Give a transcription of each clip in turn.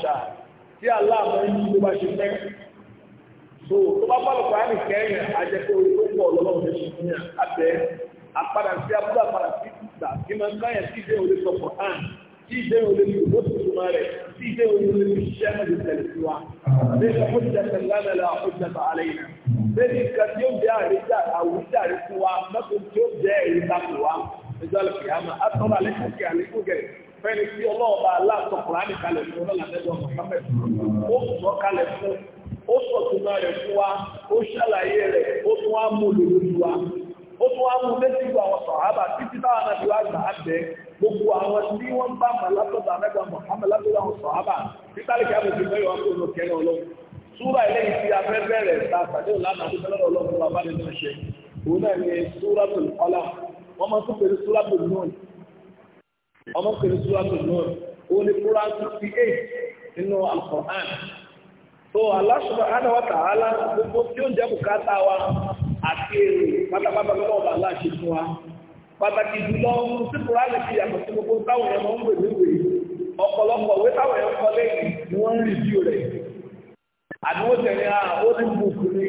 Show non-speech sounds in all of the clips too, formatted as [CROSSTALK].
àṣà tí aláàmú yìí ló bá ṣe fẹ́. so tó bá bá lọ́kọ̀ àmì kẹ́yìn àjẹpẹ́ orí tó pọ̀ lọ́wọ́ ṣe ṣe fún yàn abẹ́ apádà sí abúlé apádà sí ìgbà kí máa káyàn sí ìdé òde sọ̀kọ̀ hàn sí ìdé òde ní ìwé tuntun rẹ̀ sí ìdé òde ní iṣẹ́ àti tẹ̀lé sí wa. lẹ́yìn ọ̀pọ̀jẹ̀ tẹ̀lánà la ọ̀pọ̀jẹ̀ bá alẹ́ yìí. lẹ́yìn ìka tí ó jẹ́ àríjà àwùjáre fún wa mẹ́kọ̀ọ́ tí ó jẹ́ èyí fẹ́ni tí ọlọ́ọ̀bá aláàtọ̀ kùránì kalẹ̀ fún ọlọ́lá ó sọ kalẹ̀ fún ó sọ rẹ̀ fún wa ó ṣàlàyé rẹ̀ ó tún wá mú lòlójú wa ó tún wá mú létí ìlú àwọn sọ̀hábà títí táwọn wá gbà á bẹ́ gbogbo àwọn tí wọ́n bá àwọn sọ̀hábà títàlẹ̀ kí a bẹ̀ fi mẹ́rin kó kẹ́rin súra eléyìí tí a fẹ́ bẹ̀rẹ̀ ta sàdé bá ọmọ pẹ̀lú súwájú náà ó ní kúrá 68 nínú al so Allah subhanahu wa gbogbo tí ó ń jẹ́ bùkátà wa àti èrò pátápátá lọ́wọ́ ọba aláṣẹ fún wa pàtàkì jùlọ tí kúrá lè fi yàtọ̀ sí gbogbo táwọn ẹ̀rọ ń táwọn kọ ni ń tẹ̀lé a ó ní bùkù ni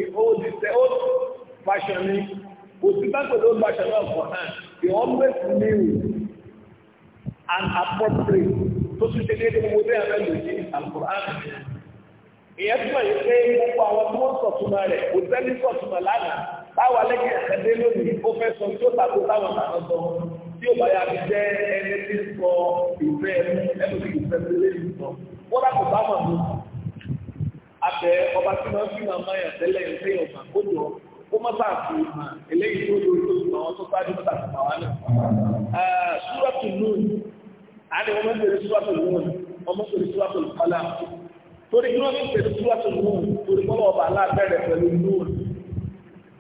ó ní and appropriate tó tún ṣe déédéé gbogbo bí àwọn ẹlòmí alukur'an ìyẹn tí wọ́n yìí pé gbogbo àwọn tí wọ́n sọ̀túnmọ̀ rẹ̀ kò tẹ́lẹ̀ sọ̀túnmọ̀ lánàá táwa lẹ́yìn ẹ̀kẹ́dé lónìí ó fẹ́ sọ tí ó tako táwọn àná sọ tí ó bá yà fi jẹ́ ẹni tí ń sọ ìfẹ́ ẹnu tí ìfẹ́ tó lé ní sọ wọ́n dàpọ̀ bá mọ̀ mí. abẹ ọba tí wọ́n fi máa yàn tẹ́lẹ̀ ń pè ọ̀gbà kó jọ kó má bàa fi mà eléyìí tó lórí lóṣù àwọn tó sáájú mọ́tà tó máa wà náà àti wọn mẹ́tẹ̀ẹ̀rẹ̀ síwájú lóhùn wọn mẹ́tẹ̀ẹ̀rẹ̀ síwájú kọ́lá torí kí wọ́n mẹ́tẹ̀ẹ̀rẹ̀ síwájú lóhùn torí kọ́lá ọba aláàbẹ̀rẹ̀ pẹ̀lú lóhùn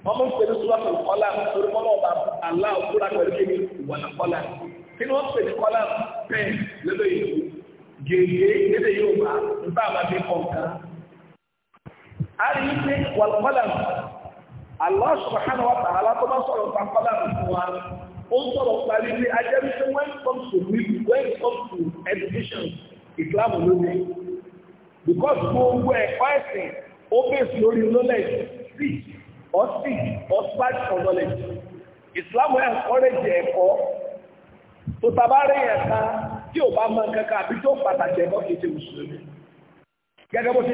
wọn mẹ́tẹ̀ẹ̀rẹ̀ síwájú kọ́lá torí kọ́lá ọba aláàbúrà pẹ̀lú kí wọ́n kọ́lá kí wọ́n pẹ̀lú kọ́lá pẹ̀ lẹ́dọ̀ yìí gègé lẹ́dọ̀ yóò bá nígbà máa fi kọ̀ nǹkan. a rí i pé wàlúkọ́lá Allah subhanahu wa ta'ala tó bá sọ̀rọ̀ pa kọ́lá fún wa ó sọ̀rọ̀ parí pé ajẹ́ wípé wọ́n ń tọ́ sùn wí see when it comes to education Islam olóde because gbogbo ẹ̀kọ́ ẹ̀sìn ó bèsì knowledge seek or seek or search for knowledge Islam encourage ẹ̀kọ́ tó tabarẹ̀ tabari kan tí ò bá mọ kankan àbí tó pàtàkì ẹ̀kọ́ kìí ṣe mùsùlùmí gẹ́gẹ́ bó ti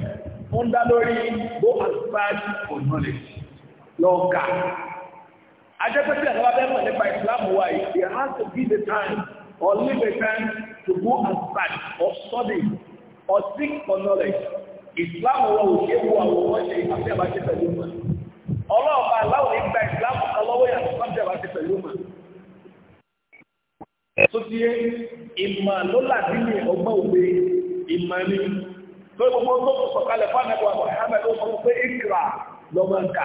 ala ó ń dá lórí bó àtúbáàdì ọ̀nà rẹ̀ lọ́ọ̀kà. Ajẹ́pẹ́sí àwọn abẹ́mọ̀ nípa ìsìlámù wa yìí, there has to be the time or live a time to go outside or study or seek for knowledge. Ìsìlámù wa ò ṣe wo àwọn ọmọ ṣe àti àbájẹ́ pẹ̀lú mọ̀. Ọlọ́ọ̀bá aláwọ̀ ní gba ìsìlámù kan lọ́wọ́ yàtọ̀ sábẹ́ àbájẹ́ pẹ̀lú mọ̀. Tó ti yé ìmọ̀ ló làdí ní ọgbọ́n òwe ìmọ̀ ní pé gbogbo tó kò sọ̀kalẹ̀ fún àmẹ́kọ̀ọ́ àwọn ẹ̀hámẹ́ ló sọ pé ìkìlá lọ kà.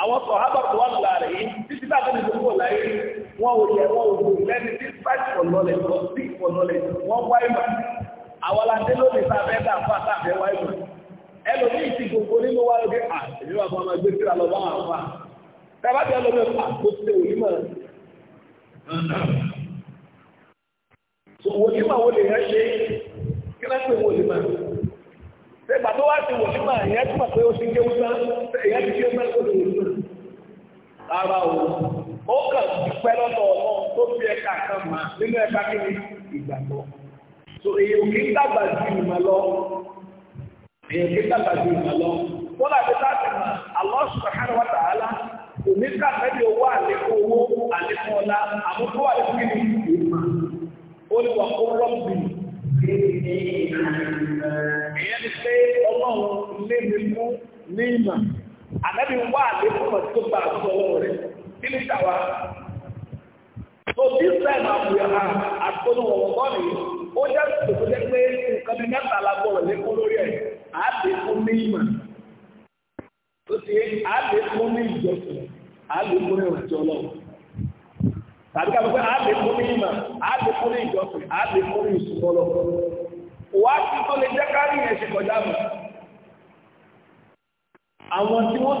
àwọn sọ̀hábà tó wà láàrẹ̀ yìí títí bá tó láyé wọn ò wọn ò lẹ́ni tí fight for knowledge or seek for knowledge wọ́n wáyé máa àwọn aláǹdé ló lè sáfẹ́ dà fún àtàfẹ́ wáyé mọ̀ ẹlòmíì ti gbogbo nínú wa lóge à èmi wà fún ọmọ ẹgbẹ́ síra lọ bá wà fún wa tẹ́lá bí ẹlòmíì pa kó tilẹ̀ òní mọ̀ òní mọ̀ wo lè yẹn ṣe kí náà pé wòlí mọ̀ ṣé gbàtọ́ wá sí wòlí mọ̀ ìyẹn túmọ̀ pé ó ti gé wúlá ìyẹn ti gé wúlá tó lè wòlí rárá o ó kàn dúpẹ́ lọ́dọ̀ ọlọ́run tó so èyí ò kí ń dàgbà ju ìmọ̀ lọ èyí ò kí dàgbà ju ìmọ̀ lọ wọ́n àti láti mọ̀ Allah subhanahu wa ta'ala òní kàfẹ́lì owó àlékún owó àlékún ọ̀la àmúkú àlékún ìlú ìmọ̀ ó ní wà kó rọ́ọ̀bì ìyẹn ni pé ọlọ́run lé mi mú ní ìmọ̀ ànábì wà àlékún mọ̀ tó bá àtúntò ọlọ́run rẹ̀ kí ni tàwa so this time àbúyọ̀ àtúntò ọ̀gọ́rin ó jẹ́ tòkó jẹ́ pé nǹkan bí mẹ́ta la gbọ́rọ̀ lékún lórí ẹ̀ á lè fún ní ìmọ̀ tó ti á lè fún ní ìjọsìn á lè fún ní ìrìnàjò ọlọ́run tàbí ká gbogbo á lè fún ní ìmọ̀ á lè fún ní ìjọsìn á lè fún ní ọlọ́run wá sí tó lè jẹ́ ṣe kọjá àwọn tí wọ́n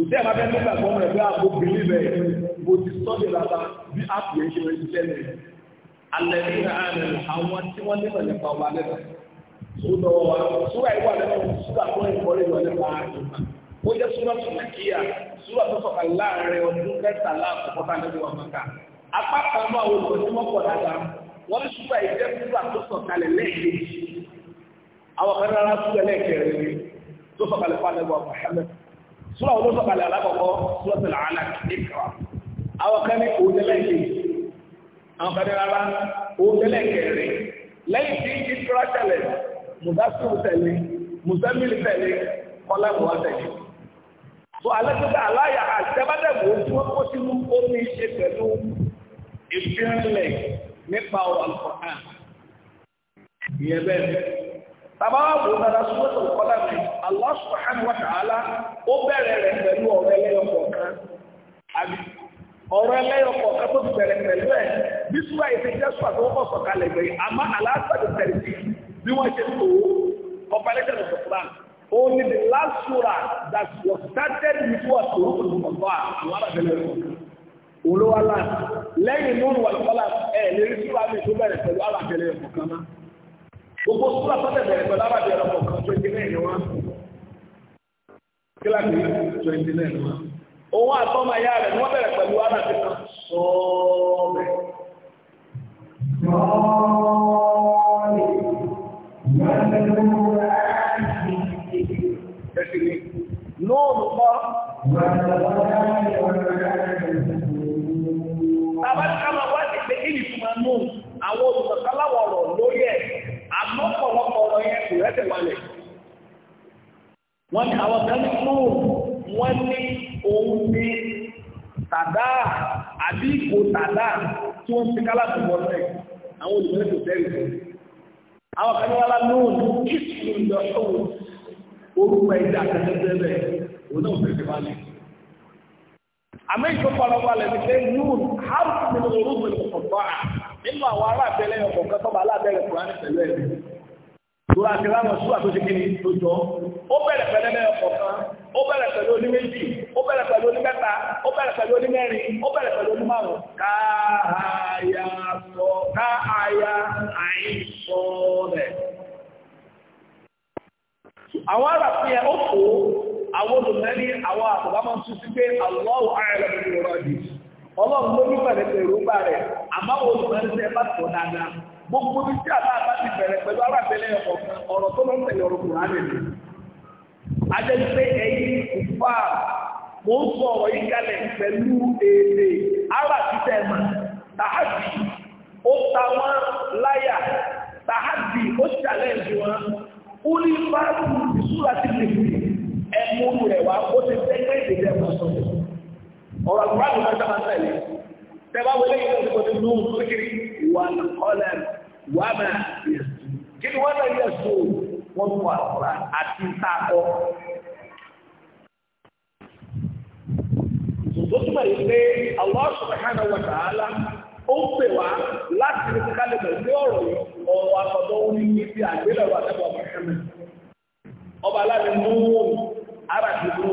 òtí ẹ̀ máa fẹ́ nígbà tó ń rẹ̀ bí àbò bìlí bẹ̀ bó ti sọ́dẹ̀ rárá bí àpò yẹn ṣe rẹ̀ tẹ́lẹ̀ alẹ́ ní àárín àwọn tí wọ́n nílò nípa ọba lẹ́nu sọ́dọ̀ wa sùúrà ìwà lẹ́nu sùúrà tó ń kọ́ lẹ́nu nípa ìgbà ó jẹ́ sùúrà tó nà kíyà sùúrà tó sọ̀kà láàrin ọdún mẹ́tàlá àkọ́kọ́ bá nínú ọmọ ká apá kan náà wọ́n lọ sí mọ́kọ̀ dáadáa wọ́n sùúrà ìjẹ́ sùúrà tó sọ̀kalẹ̀ lẹ́ẹ̀kejì àwọn kan rárá sùúrà lẹ́ẹ̀kẹrin tó sọ̀kalẹ̀ fún alẹ́ wa Muhammad Súra wo ló sọ̀kalẹ̀ alákọ̀ọ́kọ́ Súratul Alaq Iqra. Àwọn kan ní òjẹ́lẹ̀ kejì. Àwọn kan ní rárá òjẹ́lẹ̀ kẹrin. Lẹ́yìn tí Iqra tẹ̀lẹ̀, Mùsàsùn tẹ̀lẹ̀, Mùsàmìlì tẹ̀lẹ̀, Kọ́lámù wá tẹ̀lẹ̀. Sọ alẹ́gbẹ̀dẹ̀ aláyà àtẹ́bádẹ́gbò tí wọ́n kó sínú ó ṣe pẹ̀lú ìfihànlẹ̀ nípa ọ̀rọ̀ àlùkò tàbáwá wò dára sọ́tò kọ́lá mi Allah subhanahu wa ta'ala ó bẹ̀rẹ̀ rẹ̀ pẹ̀lú ọ̀rọ̀ ẹlẹ́yọkọ̀ kan àbí ọ̀rọ̀ ẹlẹ́yọkọ̀ kan tó ti bẹ̀rẹ̀ pẹ̀lú ẹ̀ bí súwà ìfẹ́ jẹ́ súwà tó kọ̀ sọ̀kalẹ̀ gbẹ̀yìn àmọ́ aláàtàdé tẹ̀lé sí bí wọ́n ṣe tó compilation of tó kọ̀ àwọn arábẹ̀lẹ̀ gbogbo sùúrù àtọ́tẹ̀ bẹ̀rẹ̀ pẹ̀lú àbàdì ẹ̀rọ kọ̀ọ̀kan twenty nine wọn kíláàsì twenty nine wọn òun àtọ́mọ ayá rẹ̀ ni wọ́n bẹ̀rẹ̀ pẹ̀lú wọn kan sọ́ọ̀bẹ̀. Nóòlù kọ́. Tàbá ti ká máa wá sí pé kí ni ìtumọ̀ nù àwọn olùsọ̀káláwọ̀ ọ̀rọ̀ lórí ẹ̀ ọ̀rọ̀ yẹn kò rẹ́tẹ̀ balẹ̀. wọ́n ní àwọn kan nínú wọ́n ní òun ní tàdá àbí ipò tàdá tí wọ́n ti kálá tó bọ́ọ̀lù ẹ̀ àwọn olùdarí kò tẹ́rì fún un. àwọn kan ní wọ́n lá lóun ìsìn ìdọ̀tún orúkọ ẹ̀dá kẹ́kẹ́ bẹ́ẹ̀ òun náà fẹ́ẹ́ balẹ̀. àmọ́ ìṣọ́pọ̀ balẹ̀ ni pé lóun hàrùkù nínú orúkọ ìkọ̀tọ̀ nínú àwọn alábẹ́lẹ̀ ọ̀kọ̀ọ̀kan tó bá kùránì pẹ̀lú ẹ̀mí tó láti rámọ̀ súwà tó ṣe kíni tó jọ ó bẹ̀rẹ̀ pẹ̀lú ẹlẹ́ọ̀kọ̀ kan ó bẹ̀rẹ̀ pẹ̀lú oníméjì ó bẹ̀rẹ̀ pẹ̀lú onímẹ́ta ó bẹ̀rẹ̀ pẹ̀lú onímẹ́rin ó bẹ̀rẹ̀ pẹ̀lú onímárùn káàyà sọ káàyà àìsọ rẹ̀ àwọn aráàfin ẹ̀ ó kó àwọn olùmẹ́ni àwọn àbùbámọ́ tún sí pé Allahu a'lam bi muradihi ọlọ́run gbogbo ibi tí àbá ti bẹ̀rẹ̀ pẹ̀lú alábẹ́lẹ̀ ọ̀rọ̀ tó ló tẹ̀lé ọ̀rọ̀ kùránì ni adẹ́gbẹ́ ẹ̀yìn ìfà mò ń sọ ọ̀rọ̀ yìí kalẹ̀ pẹ̀lú èdè ara títẹ̀ mà tàhádì ó ta wọn láyà tàhádì ó ṣàlẹ́ǹdì wọn ó ní bá ìṣúra ti lè fi ẹ̀mú rẹ̀ wá ó ti tẹ́gbẹ́ ìdèdè ẹ̀kọ́ sọ̀rọ̀ ọ̀rọ̀ àgbà àgbà máa ń tẹ̀lé tẹ́gbà wọlé yìí wàmà yẹsù kí wàmà yẹsù wọn mú àkùrà àti pé wa ta'ala ó ń pè wá láti ní ọ̀rọ̀ yìí ọ̀rọ̀ àkọ́tọ̀ ó ní ti àgbélẹ̀rọ Ọba aláàbẹ̀ mú ara ti mú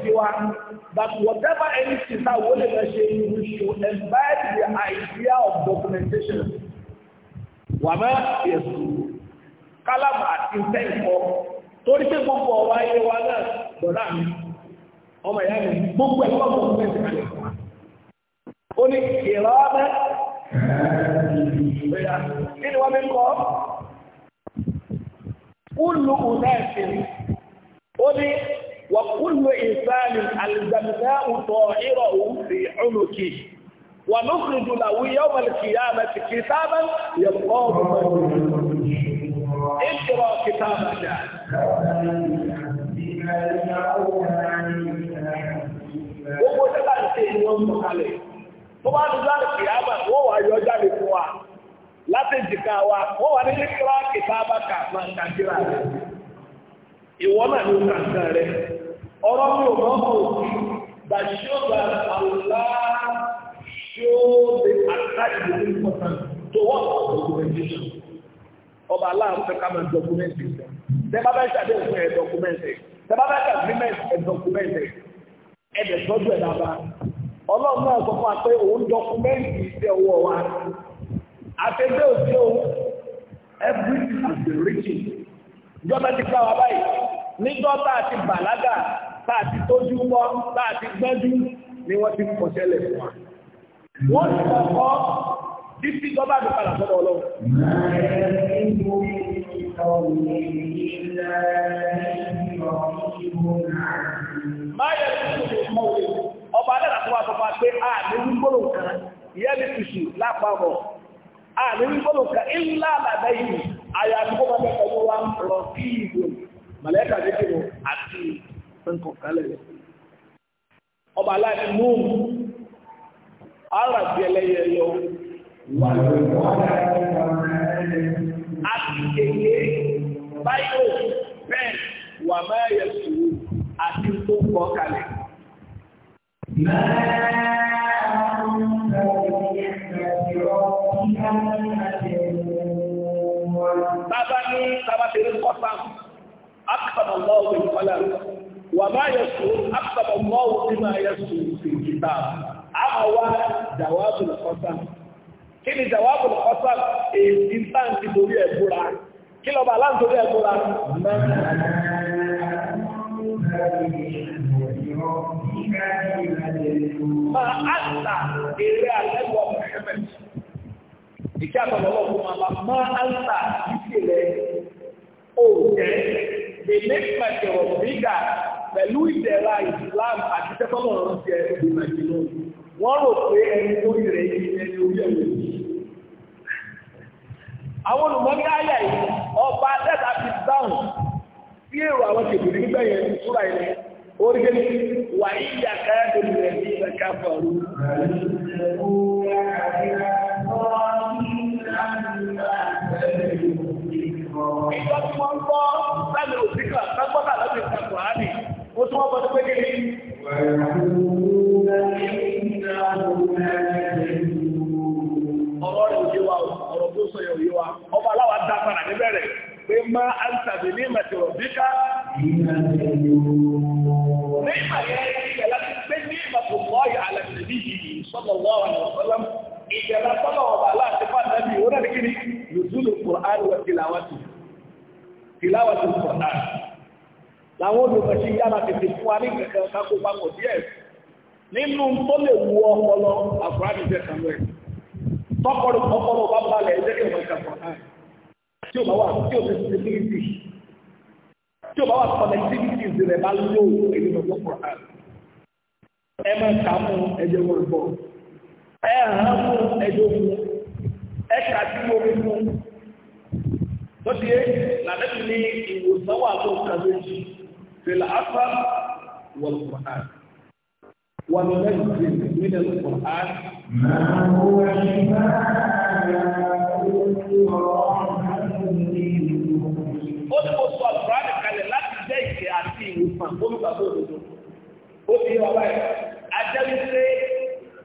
energy wa, but whatever anything that we ever say, we should embed the idea of documentation. Wàmẹ́ Yẹ̀sù, kálámà àti ìfẹ́ǹkọ́, torí pé gbogbo ọ̀rọ̀ ayé wa náà dọ̀dá mi, ọmọ ìyá mi, gbogbo ẹ̀kọ́ document kalẹ̀ fún wa. Ó ní ìrọ̀ ọmọ, kí ni wọ́n fi ń kọ́? Kúlù ùnẹ́ẹ̀sì, ó ní وكل إنسان ألزمناه طائره في عنقه ونخرج له يوم القيامة كتابا يلقاه اقرأ كتابك Gbogbo ṣẹ́gbà ṣe ni wọ́n mọ̀ kalẹ̀. Tó bá dùn láti kìyàmà, wọ́n wà yọ jáde fún wa. Láti jìkà wa, wọ́n wà ní kíkírá kìtàbà kà máa ń kàkírà rẹ̀ ìwọ náà ní kàǹkà rẹ̀ ọ̀rọ̀ mi ò mọ́ that shows that Allah shows the attached the to what documentation ọba aláàfẹ́ ká máa dọ́kúmẹ́ntì sẹ́ tẹ́bá bá ṣàdé òfin ẹ̀ dọ́kúmẹ́ntì tẹ́bá bá ṣàdé ẹ̀ dọ́kúmẹ́ntì ẹ̀dẹ̀ tọ́jú ẹ̀ dábàá ọlọ́run náà sọ fún wa pé òun dọ́kúmẹ́ntì iṣẹ́ ọwọ́ wa àtẹ̀gbẹ́ òfin òun everything has been written ìjọba ti ká wa báyìí níjọ́ tá a ti bàlágà tá a ti tójú mọ́ tá a ti gbẹ́jú ni wọ́n ti kọ̀ sẹ́lẹ̀ fún wa. wọ́n ti kọ̀kọ́ títí ìjọba ti padà sọ́dọ̀ ọlọ́run. máyà ìṣòro ìmọ̀wé ọba alẹ́ làkúwà sọ fún wa pé a ní wíwọ́rọ̀ kan ìyá mi tùṣù lápapọ̀ a ní wíwọ́rọ̀ kan ńlá àbàdá yìí àyà àdúgbò bá fẹ́ pẹ̀lú wa rọ kí ìbò mọ̀lẹ́kà dédé wọn àti nǹkan kálẹ̀ rẹ̀. ọba aláàbí nùm ara bí ẹlẹ́yẹ lọ wà lórí àti èyí báyìí bẹ́ẹ̀ wà máa yẹ sùúrù àti tó kọ́ kalẹ̀. Mẹ́ẹ̀ẹ́ ṣeré kọ́sán akpàmọ̀ mọ́wọ́ ìfọ́lá wà má yẹ sùn akpàmọ̀ mọ́wọ́ tí máa yẹ sùn sí kìtà àmà wá dàwábù kọ́sán kí ni dàwábù kọ́sán èyí tá n ti borí ẹ̀ búra kí lọ́ba aláǹtorí ẹ̀ búra máa àtà eré àlẹ́wọ̀ Mohammed ìkí àtọ̀lọ́wọ́ fún wa máa àtà ìfìlẹ̀ òòjẹ́ èlé pẹ̀tẹ̀rọ̀ bígà pẹ̀lú ìdẹ̀ra Islam àti tẹ́tọ́lọ̀ ń jẹ ìgbìmọ̀jì náà wọ́n rò pé ẹni orí rẹ̀ yìí ẹni orí ẹ̀wẹ̀ yìí. àwọn olùmọ́gí yìí ọba dẹ́ta sí èrò àwọn nígbà yẹn orí gẹ́gẹ́ ìyàkáyà tó lè ní Kùránì, ó tún wọ́n gbọ́dọ̀ pé kí ni. Ọ̀rọ̀ rẹ̀ òye wa, ọ̀rọ̀ tó sọ yẹ̀ òye wa, ọba aláwa dá padà níbẹ̀rẹ̀ pé má a ń tàbí ní mẹ̀tẹ̀rọ̀ bí ká. Ní ìmọ̀lẹ́ ìjẹ̀lá ti pé ní ìmọ̀tò lọ́ọ̀yà alẹ́sẹ̀bí yìí sọ́dọ̀ fàtàbí, ó rẹ̀ kí ni? Nùzúlù Kùránì wà tìlàwàtì. Tìlàwàtì Kùránì làwọn olùmọ̀ṣí yára tètè fún wa ní kẹ̀kẹ́ kákó papọ̀ díẹ̀ nínú tó lè wu ọpọlọ àkùrádì jẹ kàn lọ́ẹ̀ tọpọlọ ọpọlọ bá balẹ̀ ẹ̀jẹ̀ kí wọ́n kàkọ́ náà tí o bá wà tí o fi security tí o bá wà connectivities rẹ̀ bá lò èyí lọ́gbọ́n kọ̀ náà ẹ máa kà mú ẹ̀jẹ̀ wọ̀rọ̀ bọ̀ ẹ hàn mú ẹ̀jẹ̀ òfin ẹ kà sí omi fún lọ́sí ẹ̀ làbẹ́tù ní ìwòsàn wà tó kàwé yìí. بالعصر والقرآن وننزل من القرآن ما هو شفاء ó ní mo sọ àlùfáàní kalẹ̀ láti jẹ́ ìkẹ́ àti ìwòsàn tó ń gbà tó dodo ó fi ọba ẹ̀ ajẹ́bí pé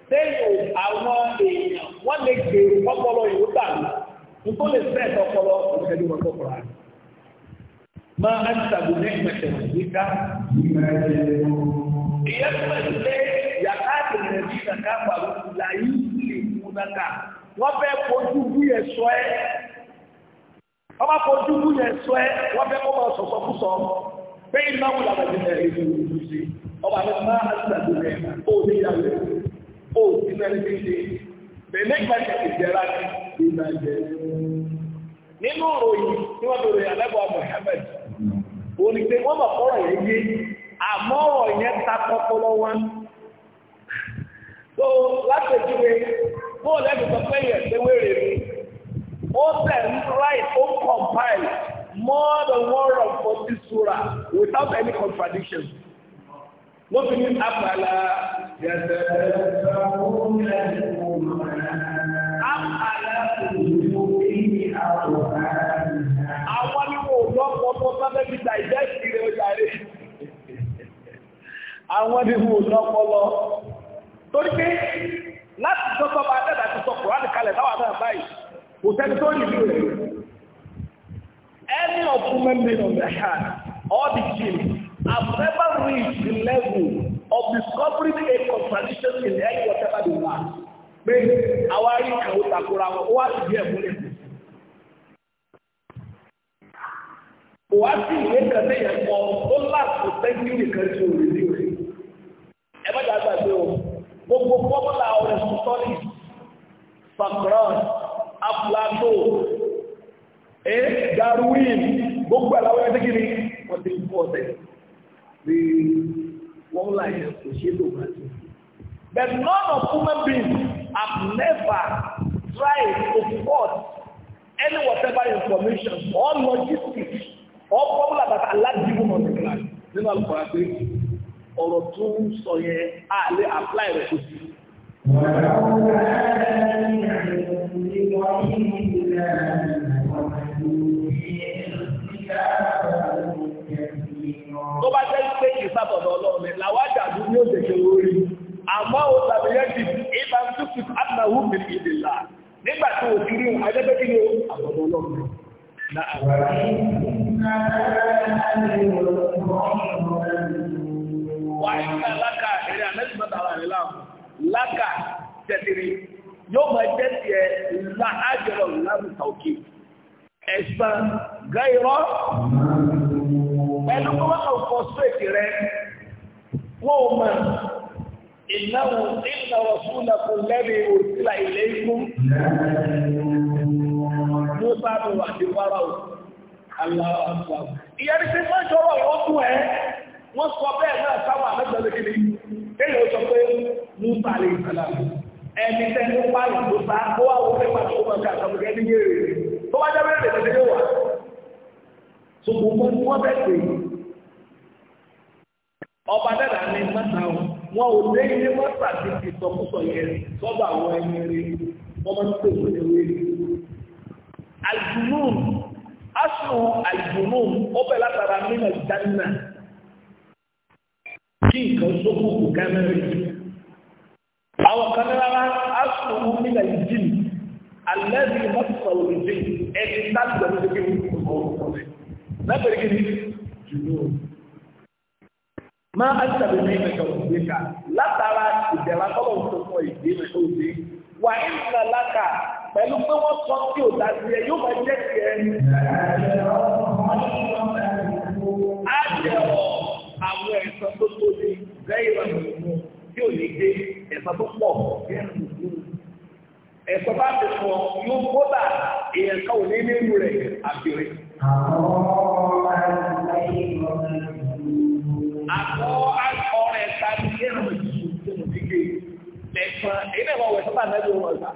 sẹ́yìn àwọn èèyàn wọ́n lè gbé ọpọlọ ìwòsàn tó lè fẹ́ẹ̀ tọpọlọ òṣèlú wọn tó kọ̀ọ̀rọ̀ àná ma aṣàbò nẹ́gbẹ̀tẹ̀ nígbà ìyẹ́pẹ̀lẹ́ yàkáàtì rẹ̀ ní kàkà pàrọ̀ láyé ilé múnáka wọ́n fẹ́ fojú bú yẹ sọ ẹ́ wọ́n bá fojú bú yẹ sọ ẹ́ wọ́n fẹ́ kọ́kọ́ sọ̀sọ́ fún sọ pé ìnáwó làbàjẹ́ rẹ̀ èdè òdòdó sí ọba rẹ̀ má aṣàbò rẹ̀ ó ní ìyàwó ó ti mẹ́rin ní ilé bẹ̀lẹ́gbẹ̀tẹ̀ ìjẹ́ra ní ìgbà nínú ìròyìn Muhammad ó ní pé wọ́n mọ̀ kọ́rọ̀ yẹn yé àmọ́ ọ̀rọ̀ yẹn ta kọ́kọ́lọ́ wá tó látẹ̀júwe bóò lẹ́nu pé yẹn ṣe wéèrè mi ó tẹ̀ ń write ó compile more than one of forty sura without any contradiction ló fi ní abala yẹtẹ abala tó ń mú kí ni àwọn. dàìjẹ́sì rẹ̀ ojàre àwọn ìhù lọ́pọlọ torí pé láti tọ́tọ́ bá dẹ́dà ti sọ kùránì kalẹ̀ táwọn náà báyìí kò sẹ́ni tó yìí rẹ̀ any of women made on the heart or the gym have never reached the level of discovering a contradiction in any whatever they want pé àwa rí ìkàwé wọn ó wá sí bí ẹ̀kúnlẹ̀ kò wá sí ìwé kan lẹ́yìn ẹ̀kọ́ ó láàpù sẹ́ńtúrì kan tí òòrè ní òòrè ẹ má dàgbà pé o gbogbo fọ́múlà ọ̀rẹ́ sọ́ọ̀lì fakran aflato ẹ darwin gbogbo àlàwọ̀ ẹ̀ tẹ́kìrì wọ́n ti fọ́ ọ̀sẹ̀ bí wọ́n láyé kò ṣe é lò wá sí. But none of human beings have never tried to support any whatever information or logistics all popular that Allah give him the ground nínú àlùkòrò àti ọ̀rọ̀ tó ń sọ yẹn a lè apply rẹ̀ tó sí. tó bá jẹ́ pé kì í sábọ̀dọ̀ ọlọ́run ni làwájà ló ní òṣèṣe orí àmọ́ ò tàbí yẹn ti ìbá ń tún fi àtàwù mi ìdìlà nígbà tó o ti rí wọn ajẹ́pẹ́ àbọ̀dọ̀ ọlọ́run Wàhálà lákà èrè àmẹ́sì mẹ́ta wà ní láàmù. Lákà tẹ̀tìrì yóò máa jẹ́ ti ẹ̀ láàjọ̀rọ̀ láàmù tàókè. Ẹ̀sán gáìrọ́ pẹ̀lú kọ́mọ́ sóèkì rẹ̀ wọ́n mọ̀ ìnáwó ìnáwó fún lẹ́bí òsílà ilé ikú ló sáàbò àti wárá o aláwọ̀ àpá ìyẹ́rí tí wọ́n jọrọ̀ wọ́n fún ẹ wọ́n sọ bẹ́ẹ̀ náà sáwà lẹ́gbẹ̀ẹ́ kiri kéèyàn ó sọ pé musa lè sàlá ẹni tẹ́ ló pa ìlú bá ó wà wọ́n fẹ́ pàtó wọn ká àtàwọn ẹni yéèrè tó wá jábẹ́ rẹ̀ lẹ́gbẹ̀ẹ́ yóò wà ṣùgbọ́n wọ́n wọ́n bẹ́ẹ̀ pè ọba dẹ́dà ní mọ́ta wọn ò lé ilé mọ́ta ti fi sọkúsọ yẹn sọ́dọ̀ àwọn ẹni rí wọ́n máa ń pè wọ́n ewé rí aljunun aṣọ aljunun ó bẹ̀ látara nínú ìdánimá kí nǹkan sókù kò kẹ́mẹ́rì àwọn kan rárá aṣọ nínú ìdílì alẹ́bí mọ́tò òrìṣẹ́ ẹni láti ọdún tó kéwì ọ̀rọ̀ lábẹ̀rẹ̀ kí ni jùlọ. máa ń tàbí ní ẹ̀kọ́ òṣèlú ká látara ìdẹ̀ra tọ́lọ̀ ń tó fọ ìdí ẹ̀kọ́ òṣèlú wà ní ìlàlákà pẹ̀lú pé wọ́n sọ tí ò dá sí ẹ yóò máa jẹ́ sí ẹ. á jẹ́ ọ àwọn ẹ̀sán tó tóbi lẹ́yìn ìwà ìrònú tí ò ní dé ẹ̀sán tó pọ̀ bí ẹ̀sán tó tóbi. ẹ̀sán bá ti sọ yóò kódà èèyàn kan ò ní nínú rẹ̀ àbẹ̀rẹ̀. Àkọ́ ọ̀rẹ́ ta ni ẹ̀rọ ìṣòro tó ń dìde. Lẹ́gbọ̀n, èyí náà wọ̀ wẹ̀ sọ́kà náà ló wọ̀ ọ̀sán.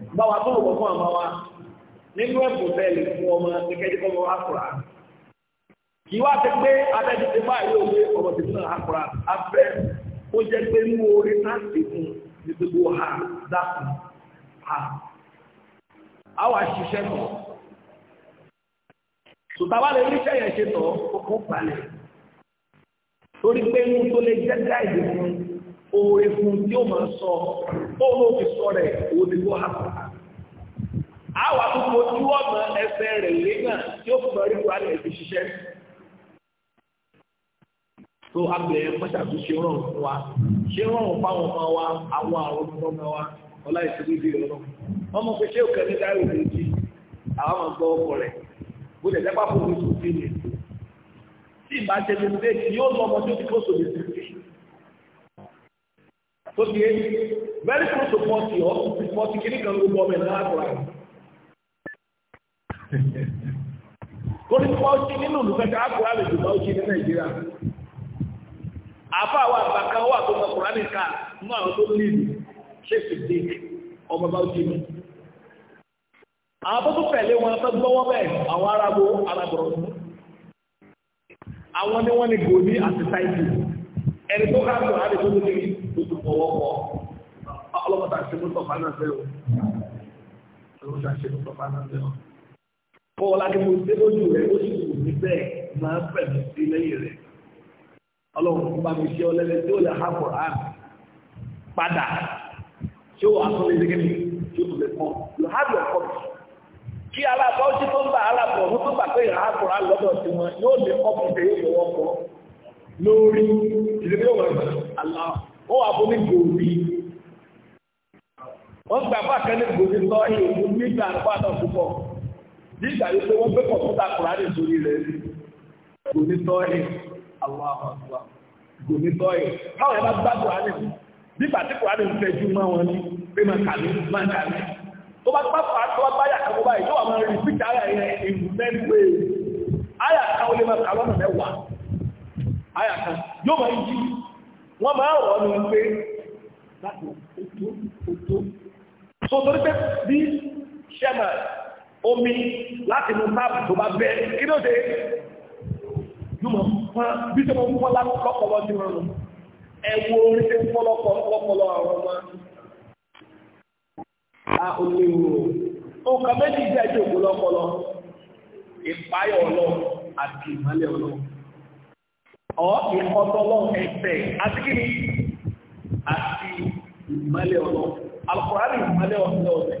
bá wa bọ́ ọ̀gbọ̀n fún àmọ́ wa nínú ẹ̀bùn bẹ́ẹ̀lì fún ọmọ kékeré kọ́ ọmọ akura kì í wá ti pé abẹ́ni ti bá ìlú òwe ọmọ tèmi náà akura abẹ́ ó jẹ́ pé mú orí láti fún ní gbogbo ha dákun ha àwọn àṣìṣe náà sùtàwá lè rí iṣẹ́ yẹn ṣe tọ́ kókó balẹ̀ torí pé inú tó lè jẹ́ gáìdì fún oore fún tí ó máa sọ tó ló sọ rẹ̀ òun ti wọ́n àwọn àkókò ojú ọmọ ẹsẹ̀ rẹ̀ lé náà tí ó fún ọrí wa lè fi ṣiṣẹ́ tó abẹ mọ́ṣáàtú ṣe rọrùn fún wa ṣe rọrùn fáwọn ọmọ wa àwọn àwọn ọmọ wa ọlá ìṣèlú ìdí ọ̀rọ̀ ọmọ pé ṣé òkè ní dáìrò lè jí àwọn ọmọ gbọ́ ọkọ rẹ̀ bó lè dẹ́pà fún mi sùn sílẹ̀ tí ìbá ṣe lè dé tí yóò lọ ọmọ tó ti kóso lè sùn sí. tó ti yé very close to forty or forty kìnnìkan ló gbọ́ ọmọ ẹ̀ náà kọ́ra torí pé ó ṣe nínú olùfẹ́ta akura lè dùn bá ó ṣe ní nàìjíríà àfa àwọn àgbà wà tó mọ kùránì ká mú àwọn tó ní ìlú ṣe sì dé ọmọ bá ó ṣe ní. àwọn tó tún tẹ̀lé wọn tó bẹ́ẹ̀ àwọn alábọ̀rọ̀ àwọn ni wọ́n ní kọ́ ọ láti mo dé lójú rẹ̀ ó sì wù mí bẹ́ẹ̀ máa ń pẹ̀lú sí lẹ́yìn rẹ̀ ọlọ́run bá mi ṣe ọlẹ́lẹ́ tí ó lè ha kọ̀ á padà tí ó àtọ́ lé dégé ní tí ó lè kọ́ lọ ha bụ kọ́ kí alábọ̀ ó ti tó ń bá alábọ̀ ó tó gbà pé kọ̀ á lọ́dọ̀ wọn yóò lè kọ́ ní ìgbà yìí pé wọ́n gbé kọ̀ǹpútà kùránì sórí rẹ̀ kò ní tọ́ ẹ̀ àwọn àwọn àgbà kò ní tọ́ ẹ̀ káwọn ẹ̀ bá gbá kùránì nígbà tí kùránì ń fẹjú mọ́ wọn ní pé máa kà mí máa kà mí tó bá pàpà tó bá báyà kan báyìí yóò máa rí píkà ayà yẹn ìlú mẹ́rin ayà kan ó lè máa kà lọ́nà mẹ́wàá ayà kan yóò máa yí wọ́n máa rọ̀ ọ́ pé láti ó tó ó tó so torí pé bí omi láti inú táàbù tó bá bẹ́ kí ló dé yúmọ̀ fún bí tó mọ̀ fún wọn lọ́pọ̀lọ́ sí wọn nù ẹwọ orí tó ń pọ́lọ́pọ̀ lọ́pọ̀lọ́ àwọn ọmọ a ò lè wò ó nǹkan méjì jẹ́ ẹjọ́ òkú lọ́pọ̀lọ́ ìpáyọ̀ ọlọ́ àti ìmọ̀lẹ̀ ọlọ́ ọ̀ ìkọ́tọ́lọ́ ẹ̀sẹ̀ àti kíni àti ìmọ̀lẹ̀ ọlọ́ alukọ̀rọ̀ ìmọ̀lẹ̀ ọlọ́ ọ̀sẹ̀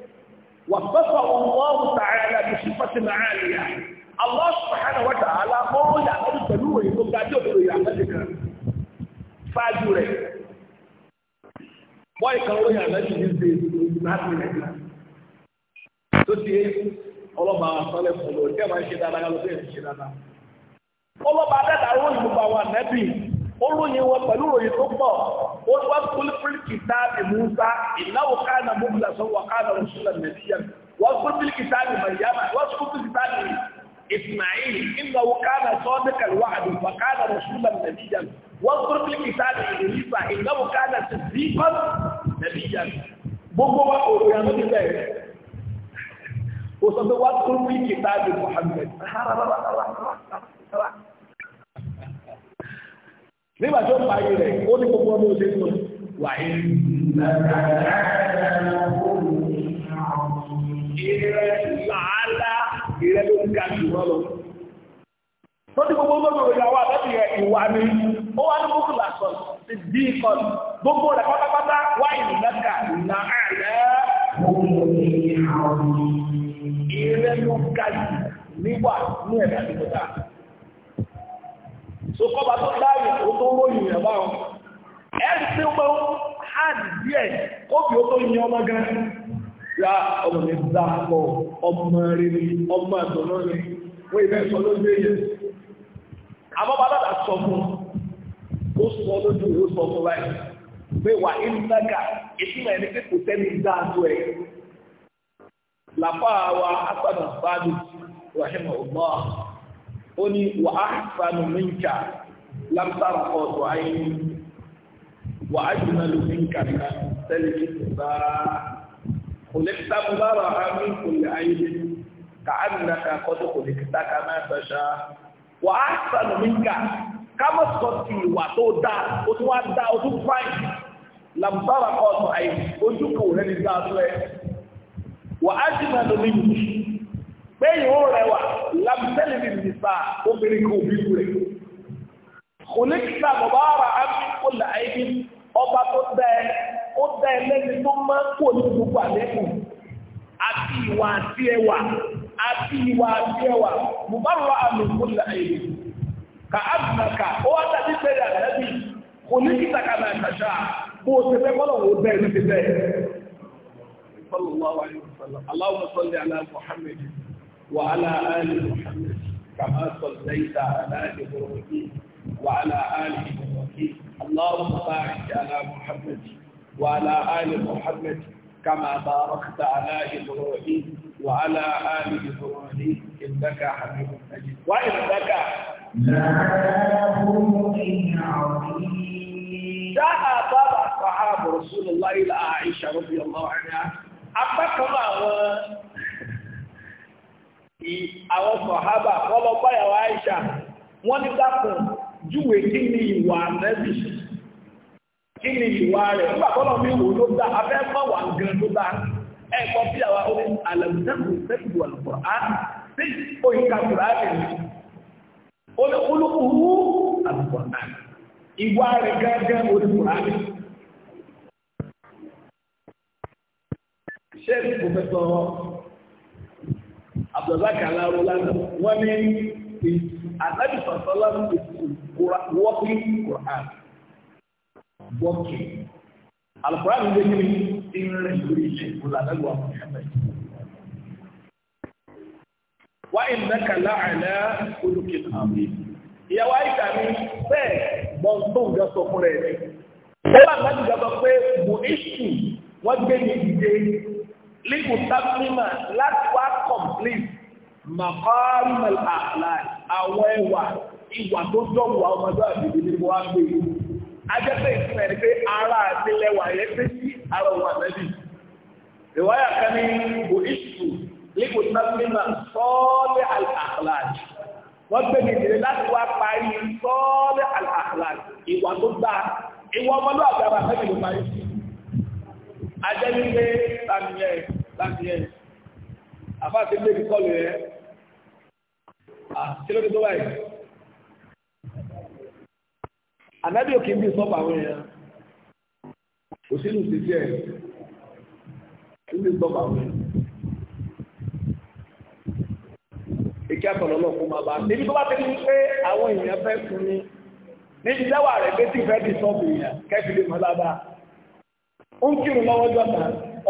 وصفه الله تعالى بصفة عالية الله سبحانه وتعالى قول أن تلوه يقول قاعد يقول يا ملك فاجوري wọ́n ìkàwé yà lẹ́yìn ìdíje láti nàìjíríà na ti ọlọ́ba sọ́lẹ̀ fún na kẹ́ máa ń ṣe dáadáa ó ròyìn wọn pẹ̀lú ròyìn tó pọ̀ ó wá kúlífìlì kìtàbì Musa ìnáwó kánà mọ́bìlà sọ́wọ́ kánà rọ̀ṣúlà nàìjíríà wọ́n kúlífìlì kìtàbì Maryama wọ́n kúlífìlì kìtàbì Ismail ìnáwó kánà sọ́dẹ̀kàl wàhálì wà kánà rọ̀ṣúlà nàìjíríà wọ́n kúlífìlì kìtàbì Ìdírísà ìnáwó kánà sìdíkọ́n nàìjíríà gbogbo wa kò rìn àmì níbẹ̀ ó sọ pé wọ́n kúlífìlì kìtàbì Muhammad rárá rárá rárá rárá nígbà tó parí rẹ̀ ó ní gbogbo ọdún oṣù tó wà ìrẹ̀ làálá ìrẹ̀ ló ń ga jù wọ́n lọ. tó ti gbogbo ọdún oṣù àwọn àbẹ́bí rẹ̀ ìwà mi ó wá ní gbogbo làkàn ti dí ikọ̀ gbogbo rẹ̀ pátápátá wá ìlú mẹ́ta làálá. ìrẹ̀ ló ń ga jù níwà ní ẹ̀dá tó dáa tó kọ́ba tó dáàrí ó tó ròyìn rẹ̀ báwọn ẹ̀rí tí ó máa ń hàdì díẹ̀ ó fi ó tó yin ọmọ gan ya ọmọ mi dá pọ̀ ọmọ rere ọmọ àtọ̀nà rẹ̀ wọ́n ìbẹ́ sọ lójú èyí àmọ́ bàbá dà sọ fún ó sọ lójú ó sọ fún báyìí pé wà ní nàgà ìtumọ̀ ẹni pé kò tẹ́ni dáàbò ẹ̀ làpá wa àgbàdo bá mi rahimahullah ó ní wà á sanu minka lámsára ọ̀tọ̀ ayé wà á jùlọ lu minka nìka sẹ́lẹ̀ kí tó bá kò lè ta mú bára ha mí kò lè ayé lé ka á nà ka kọ́tọ̀ kò lè ta ka náà sàṣà wà á sanu minka ká má sọ sí tó dáa ó tún wá dáa ó tún fáìn lámsára ọ̀tọ̀ ayé ojú kò rẹ́ni dáa ẹ wà á jùlọ lu minka. péyìn ó rẹwà lamtẹ́lì bí nìfà obìnrin kan òbí rẹ̀. kòlíkìtà mọ̀bára ámìkò láìbí ọba tó dá ó dá lẹ́ni tó máa ń kó gbogbo àlékún àti ìwà àti ẹwà àti ìwà àti ẹwà mọ̀bára ka abinaka ó wá kàmà وعلى آل محمد كما صليت على إبراهيم وعلى آل إبراهيم اللهم بارك على محمد وعلى آل محمد كما باركت على إبراهيم وعلى آل إبراهيم إنك حميد مجيد وإنك جاء بعض الصحابة رسول الله إلى عائشة رضي الله عنها أما كما àwọn sọ̀hábà kọ́lọ báyàwó Aisha wọ́n ní dákùn júwe kí ni ìwà nẹ́bì kí ni ìwà rẹ̀ nígbà kọ́lọ mi wò ló dá abẹ́ mọ́ wà gẹ̀rẹ̀ ló dá ẹ̀kọ́ bí àwa ó ní alẹ́mùsẹ́kù sẹ́kù àlùkò á sí òyìnká kùránì ni ó ní olùkùrú àlùkò á ìwà rẹ̀ gẹ́gẹ́ olùkùránì. ṣé kò fẹ́ sọ jazakallahu lánàá wọ́n ní àtàbí sọ̀tọ́lá ní wọ́kì Quran wọ́kì alukuraani ló ní ìrìn lórí ìṣe ìlànàlú àmọ́ṣẹ́mẹ́. wá ìnáka láàlá olùkí àmì ìyàwó àyíká mi bẹ́ẹ̀ gbọ̀ǹtò ga sọ fún rẹ̀ ni. bẹ́ẹ̀ bá ti gbàgbọ́ pé bò éṣù wọ́n gbé mi dìde líkùtà mímà láti wá complete makarim al-akhlaq àwọn ẹwà ìwà tó dọ̀wọ̀ àwọn ọmọdé àbìbí ní wọ́n á gbé yìí ajẹ́pẹ́ ìsinmi ẹni pé ara àti lẹ́wà yẹn pé sí ara òun àtẹ́bí ìwáyà kan ní kò ìṣù lípò nàbílínà sọ́ọ́lẹ̀ al-akhlaq wọ́n gbé mi dìde láti wá parí sọ́ọ́lẹ̀ al-akhlaq ìwà tó gbà ìwà ọmọdé àbí àwọn àtẹ́bí ló parí sí ajẹ́ wípé tàbí ẹ̀ tàbí ẹ̀ àfáàtí ilé ìkọ́ lè rẹ̀ àti lórí tó wáyé ànábì òkè ń bí sọ́pọ̀ àwọn èèyàn òṣèlú ti jẹ́ ń bí sọ́pọ̀ àwọn èèyàn èké àtọ̀nà náà kó máa bá níbi tó bá ti ní pé àwọn èèyàn fẹ́ fún ni níbi dáwà rẹ̀ pé tí ìfẹ́ ti sọ́pọ̀ èèyàn kẹ́fì lè mọ́ dáadáa ó ń kírun lọ́wọ́ jọ́ta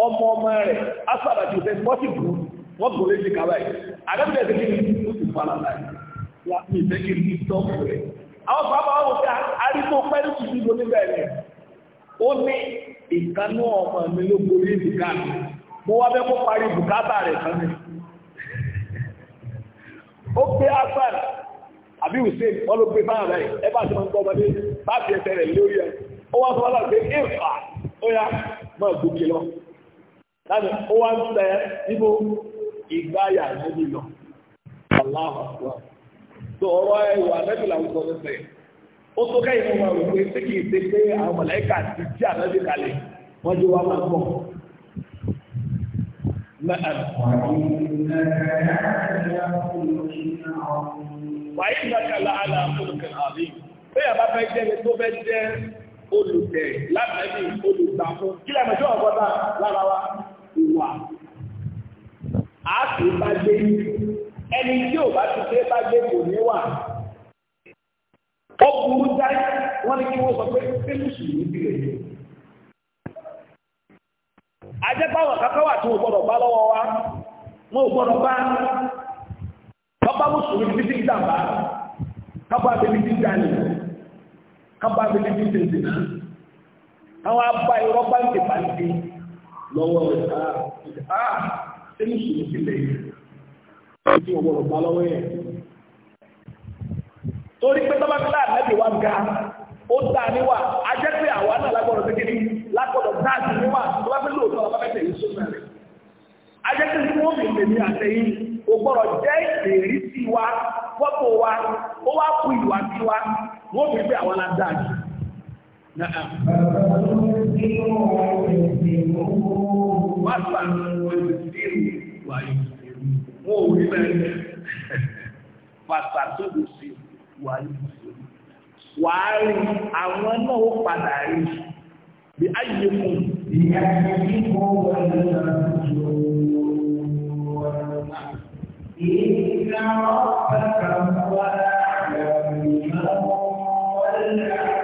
ọmọ ọmọ rẹ̀ asàbàtì ìfẹ́ bọ́sì gùn wọ́n kò lè ṣe kàwá ẹ̀ àdébìlẹ̀ ti kíni ó ti fa làlá ẹ̀ wá ní ìfẹ́ kí ní tọ́pù rẹ̀ àwọn bàbá wọn wọ́n arígbó pẹ́lú tuntun ló ní bẹ́ẹ̀ rẹ̀ ó ní ìkanú ọmọ mi ló borí ìdíkà mi mo wá bẹ́ kó parí bùkátà rẹ̀ kan ní ó pé asan àbí hussein wọ́n ló pé fáwọn rẹ̀ ẹ bá ti máa ọmọdé bá fi ẹsẹ̀ rẹ̀ lórí ẹ̀ ó wá sọ láti pé ìfà ó yá máa gòkè lọ láti ó wá ń tẹ ibo ìgbáyà nẹ́bí lọ. Aláhàfà. Tó ọ̀rọ̀ ẹwà nẹ́bí là ń sọ nípa ẹ̀. Ó tó kẹ́yìn mọ́ máa rò pé ṣé kìí ṣe pé àwọn mọ̀lẹ́kà ti jí ànẹ́bí kalẹ̀ wọ́n jẹ́ wá máa bọ̀. Wàyí ìgbàkàlà aláàfọ̀lùkẹ̀ àbí. Bẹ́ẹ̀ bá fẹ́ jẹ́ tó fẹ́ jẹ́ olùtẹ̀ lábẹ́bí olùtàkùn. Kí lẹ́mọ̀ tí wọ́n gbọ́dá lára wa? Ìwà àápè bá gbé ẹni tí ò bá ti gbé bá gbé kò ní wà ó burú dáì wọ́n ní kí wọ́n sọ pé ti rẹ̀ yìí. kankan wà tí gbọ́dọ̀ bá lọ́wọ́ wa mo gbọ́dọ̀ bá bàbá mùsùlùmí títí àwọn ń sẹ́yìn sùn sílẹ̀ tí wọ́n gbọ́dọ̀ bá lọ́wọ́ yẹn. torí pé tọ́ba kílá ànábì wa ga ó dá níwà á jẹ́ pé àwa náà lágbọ́dọ̀ sí kíní lágbọ́dọ̀ dá sí níwà tó bá fẹ́ lóòótọ́ ọba fẹ́ tẹ̀lé sọ́nà rẹ̀. á jẹ́ pé tí wọ́n fi tèmi àtẹ̀yìn kò gbọ́dọ̀ jẹ́ ìrírí sí wa fọ́tò wa ó wá kú ìwà sí wa wọ́n fi gbé àwa náà Nàà. Wọ́n sọ àwọn olùsírù wà yùsírù. Wọ́n ò rí bẹ́ẹ̀. Pàṣà tó lù sí wà yùsírù. Wà á rí àwọn náà ó padà rí. Bí ayé fún. Ìyá ìdí kò wà lọ́wọ́ lọ́wọ́. Ìgbà ọ̀pẹ̀ kan wà láàárín àwọn ọ̀lẹ́.